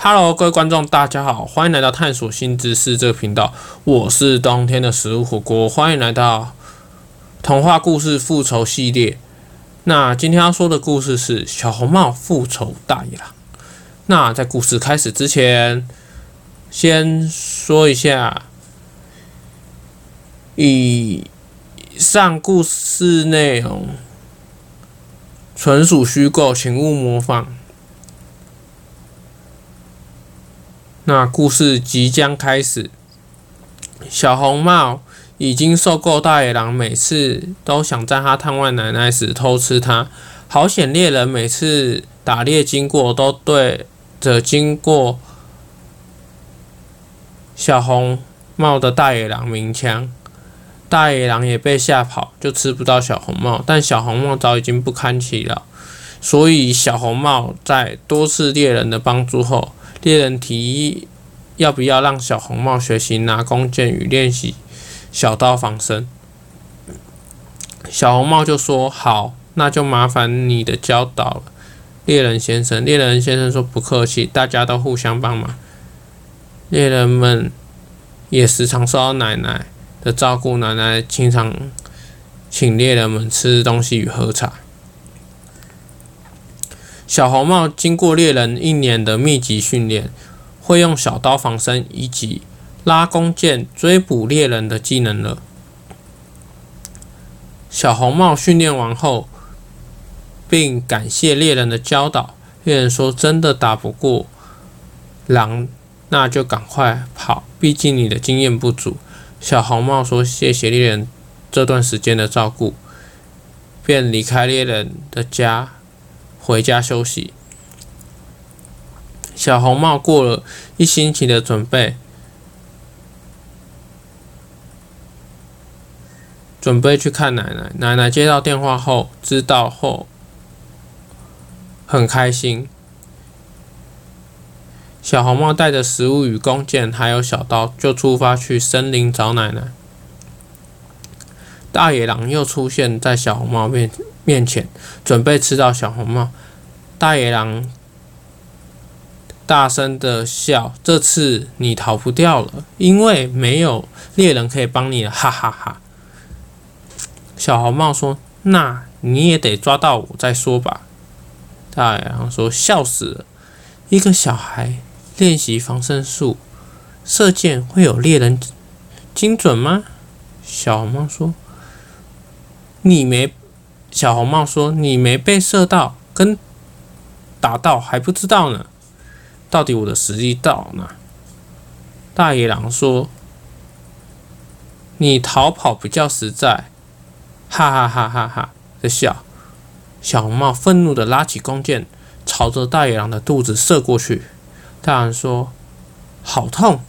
哈嘍，各位觀眾，大家好，歡迎來到探索新知識這個頻道。我是冬天的食物火鍋，歡迎來到童話故事復仇系列。那今天要說的故事是《小紅帽復仇大野狼》。那在故事開始之前，先說一下，以上故事內容純屬虛構，請勿模仿。那故事即將開始。小紅帽已經受夠大野狼每次都想在他探望奶奶時偷吃他。好險，獵人每次打獵經過都對着經過小紅帽的大野狼鳴槍，大野狼也被嚇跑，就吃不到小紅帽。但小紅帽早已經不堪其擾，所以小紅帽在多次獵人的幫助後。獵人提議，要不要讓小紅帽學習拿弓箭與練習小刀防身？小紅帽就說：“好，那就麻煩你的教導了，獵人先生。”獵人先生說：“不客氣，大家都互相幫忙。”獵人們也時常受到奶奶的照顧，奶奶經常請獵人們吃東西與喝茶。小紅帽經過獵人一年的密集訓練，會用小刀防身，以及拉弓箭追捕獵人的技能了。小紅帽訓練完後，並感謝獵人的教導。獵人說：“真的打不過狼，那就趕快跑，畢竟你的經驗不足。”小紅帽說：“謝謝獵人這段時間的照顧。”便離開獵人的家。回家休息。小紅帽過了一星期的準備，準備去看奶奶。奶奶接到電話後，知道後很開心。小紅帽帶着食物與弓箭，還有小刀，就出發去森林找奶奶。大野狼又出現在小紅帽面前。面前準備吃到小紅帽，大野狼大聲的笑：“這次你逃不掉了，因為沒有獵人可以幫你了。”哈哈哈哈。小紅帽說：“那你也得抓到我再說吧。”大野狼說：“笑死了，一個小孩練習防身術，射箭會有獵人精準嗎？”小紅帽說：“你沒。”小紅帽說：“你沒被射到，跟打到還不知道呢。到底我的時機到了。”大野狼說：“你逃跑比較實在。”哈哈哈哈哈的笑。小紅帽憤怒的拉起弓箭，朝着大野狼的肚子射過去。大人說：“好痛！”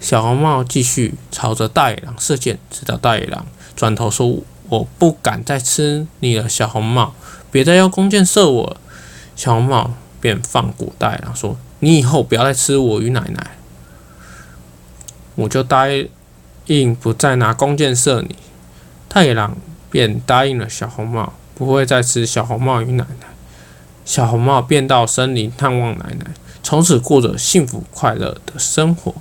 小紅帽繼續朝着大野狼射箭，直到大野狼轉頭說。我不敢再吃你的小紅帽，別再用弓箭射我了。小紅帽便放過大野狼說：“你以後不要再吃我與奶奶。”我就答應不再拿弓箭射你。大野狼便答應了小紅帽，不會再吃小紅帽與奶奶。小紅帽便到森林探望奶奶，從此過着幸福快樂的生活。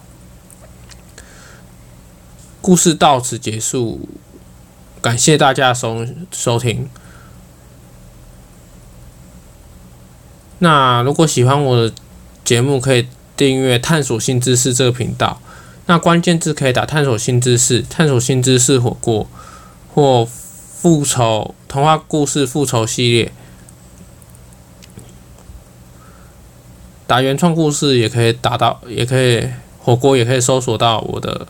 故事到此結束。感謝大家收收聽。那如果喜歡我的節目，可以訂閱“探索新知識”這個頻道。那關鍵字可以打“探索新知識”、“探索新知識火鍋”或“復仇童話故事復仇系列”。打原創故事也可以打到，也可以火鍋，也可以搜索到我的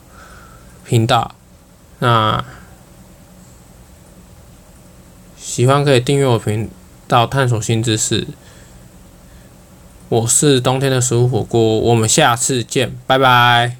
頻道。那。喜歡可以訂閱我頻道，探索新知識。我是冬天的食物火鍋，我們下次見，拜拜。